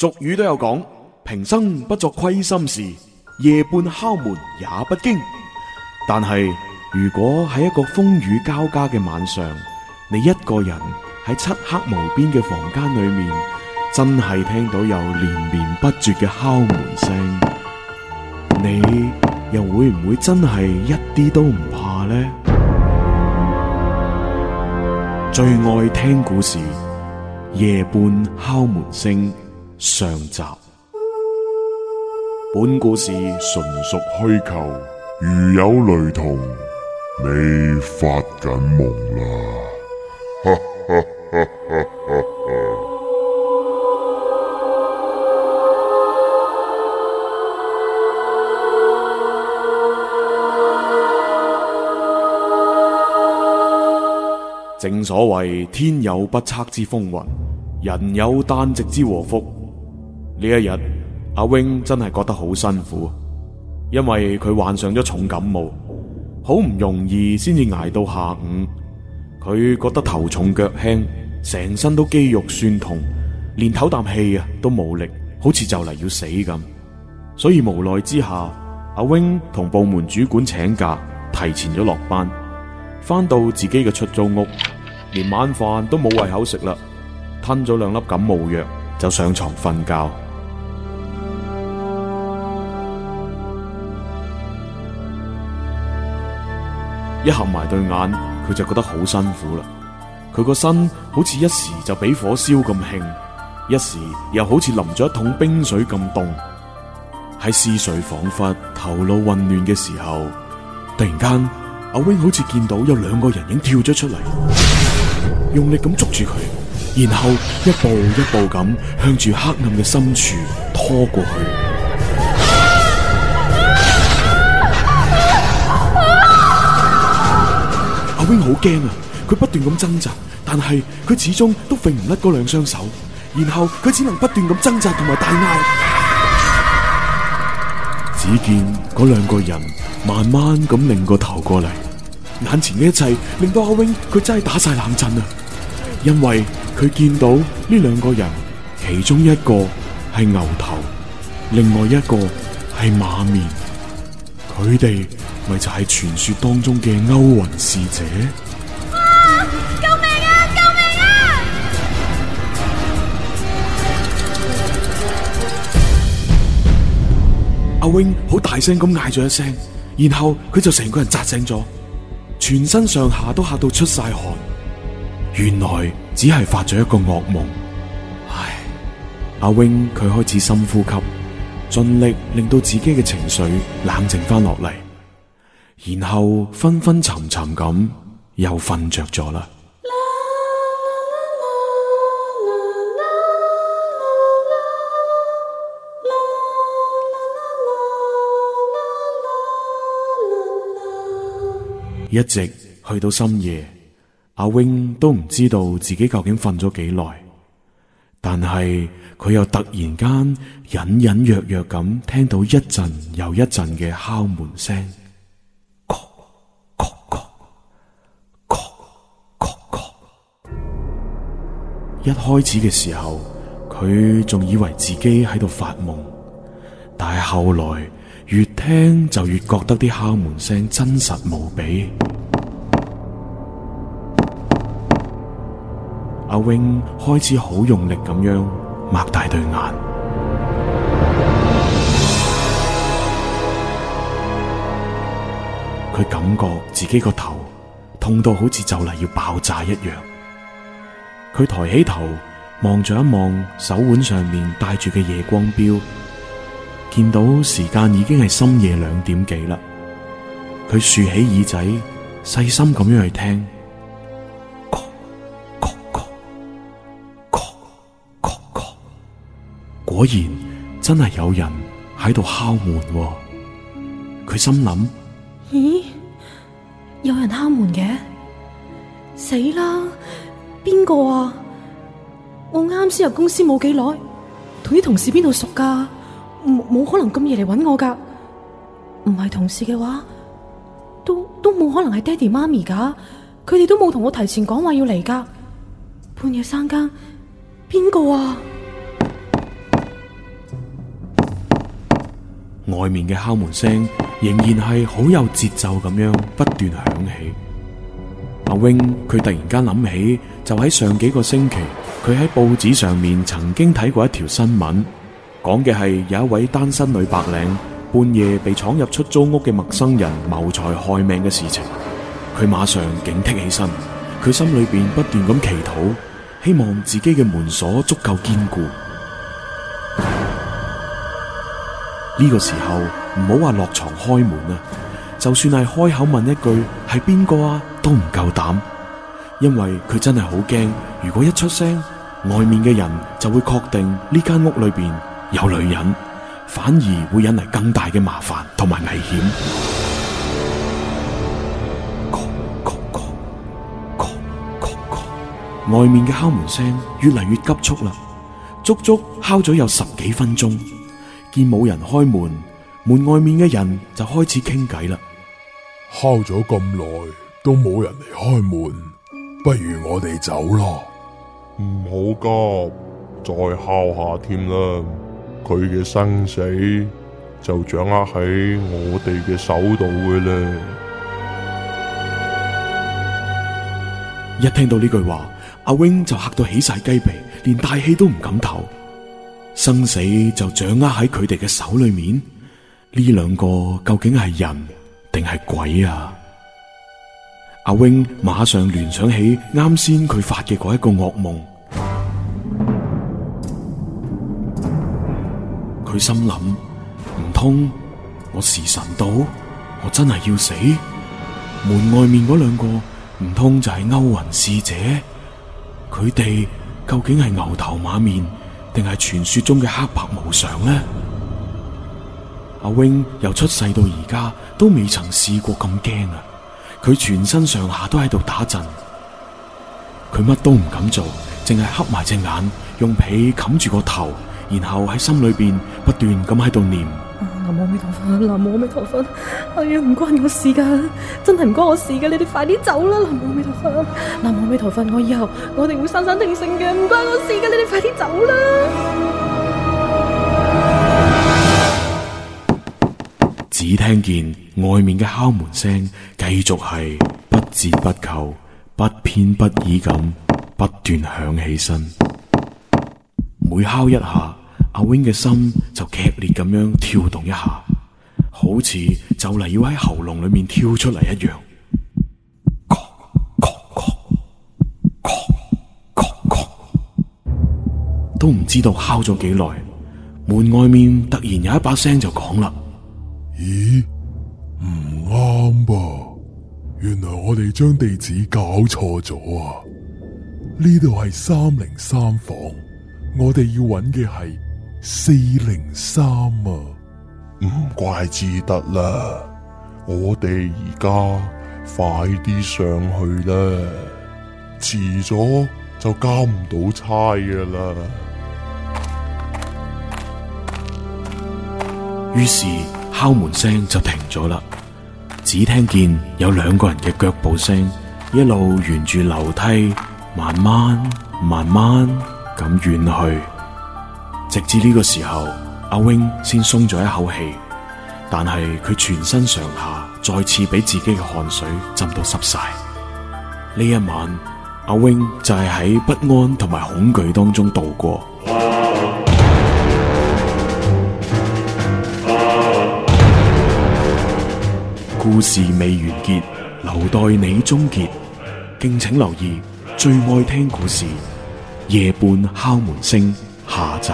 俗語都有講：平生不作虧心事，夜半敲門也不驚。但係如果喺一個風雨交加嘅晚上，你一個人喺漆黑無邊嘅房間裏面，真係聽到有連綿不絕嘅敲門聲，你又會唔會真係一啲都唔怕呢？最愛聽故事，夜半敲門聲。上集，本故事純屬虛構，如有雷同，你發緊夢啦！ 正所謂天有不測之風雲，人有旦夕之禍福。呢一日，阿 Wing 真係覺得好辛苦，因為佢患上咗重感冒，好唔容易先至挨到下午。佢覺得頭重腳輕，成身都肌肉酸痛，連唞啖氣啊都冇力，好似就嚟要死咁。所以無奈之下，阿 Wing 同部門主管請假，提前咗落班，返到自己嘅出租屋，連晚飯都冇胃口食啦，吞咗兩粒感冒藥就上床瞓覺。一合埋對眼，佢就覺得好辛苦啦。佢個身好似一時就畀火燒咁興，一時又好似淋咗一桶冰水咁凍。喺思緒恍惚、頭腦混亂嘅時候，突然間，阿 wing 好似見到有兩個人影跳咗出嚟，用力咁捉住佢，然後一步一步咁向住黑暗嘅深處拖過去。好驚啊！佢不斷咁掙扎，但係佢始終都揈唔甩嗰兩雙手，然後佢只能不斷咁掙扎同埋大嗌。 只見嗰兩個人慢慢咁擰個頭過嚟，眼前嘅一切令到阿 wing 佢真係打晒冷震啊！因為佢見到呢兩個人，其中一個係牛頭，另外一個係馬面，佢哋。咪就係傳說當中嘅勾魂使者？啊！救命啊！救命啊！阿 wing 好大聲咁嗌咗一聲，然後佢就成個人扎醒咗，全身上下都嚇到出晒汗。原來只係發咗一個噩夢。唉，阿 wing 佢開始深呼吸，盡力令到自己嘅情緒冷靜翻落嚟。然後昏昏沉沉咁又瞓着咗啦。 一直去到深夜，阿 wing 都唔知道自己究竟瞓咗幾耐，但係佢又突然間隱隱約約咁聽到一陣又一陣嘅敲門聲。一開始嘅時候，佢仲以為自己喺度發夢，但係後來越聽就越覺得啲敲門聲真實無比。 阿 wing 開始好用力咁樣擘大對眼，佢感覺自己個頭痛到好似就嚟要爆炸一樣。佢抬起頭望住一望手腕上面戴住嘅夜光表，見到時間已經係深夜兩點幾啦。佢豎起耳仔，細心咁樣去聽，嗰嗰嗰嗰嗰嗰，果然真係有人喺度敲門啊。佢心諗：咦，有人敲門嘅，死啦！邊個啊？我啱先入公司冇幾耐，同啲同事邊度熟噶？冇可能咁夜嚟搵我噶？唔係同事嘅話，都都冇可能係爹哋媽咪噶，佢哋都冇同我提前講話要嚟噶。半夜三更，邊個啊？外面嘅敲門聲仍然係好有節奏咁樣不斷響起。阿 wing 佢突然間諗起，就喺上幾個星期，佢喺報紙上面曾經睇過一條新聞，講嘅係有一位單身女白領半夜被闖入出租屋嘅陌生人謀財害命嘅事情。佢馬上警惕起身，佢心裏邊不斷咁祈禱，希望自己嘅門鎖足夠堅固。呢個時候唔好話落床開門啊！就算係開口問一句係邊個啊，都唔夠膽，因為佢真係好驚。如果一出聲，外面嘅人就會確定呢間屋裏邊有女人，反而會引嚟更大嘅麻煩同埋危險。外面嘅敲門聲越嚟越急促啦，足足敲咗有十幾分鐘，見冇人開門，門外面嘅人就開始傾偈啦。敲咗咁耐都冇人嚟開門，不如我哋走咯。唔好急，再敲下添啦。佢嘅生死就掌握喺我哋嘅手度嘅啦。一聽到呢句話，阿 wing 就嚇到起晒雞皮，連大氣都唔敢唞。生死就掌握喺佢哋嘅手裏面，呢兩個究竟係人？定係鬼啊！阿 wing 馬上聯想起啱先佢發嘅嗰一個噩夢，佢心諗：唔通我時辰到，我真係要死？門外面嗰兩個唔通就係勾魂使者？佢哋究竟係牛頭馬面，定係傳說中嘅黑白無常呢？阿 wing 由出世到而家，都未曾試過咁驚啊！佢全身上下都喺度打震，佢乜都唔敢做，淨係黑埋隻眼，用被冚住個頭，然後喺心裏邊不斷咁喺度念：南無阿彌陀佛，南無阿彌陀佛，哎呀，唔關我事噶，真係唔關我事噶，你哋快啲走啦，南無阿彌陀佛，南無阿彌陀佛，我以後我哋會生生定性嘅，唔關我事噶，你哋快啲走啦。只聽見外面嘅敲門聲，繼續係不折不扣、不偏不倚咁不斷響起身。每敲一下，阿 Wing 嘅心就劇烈咁樣跳動一下，好似就嚟要喺喉嚨裏面跳出嚟一樣。都唔知道敲咗幾耐，門外面突然有一把聲就講啦。咦，唔啱噃！原來我哋將地址搞錯咗啊！呢度係三零三房，我哋要揾嘅係四零三啊！唔怪之得啦，我哋而家快啲上去啦，遲咗就交唔到差嘅啦！於是。敲門聲就停咗啦，只聽見有兩個人嘅腳步聲，一路沿住樓梯，慢慢慢慢咁遠去。直至呢個時候，阿 Wing 先鬆咗一口氣，但係佢全身上下再次俾自己嘅汗水浸到濕晒。呢一晚，阿 Wing 就係喺不安同埋恐懼當中度過。故事未完結，留待你終結。敬請留意，最愛聽故事，夜半敲門聲，下集。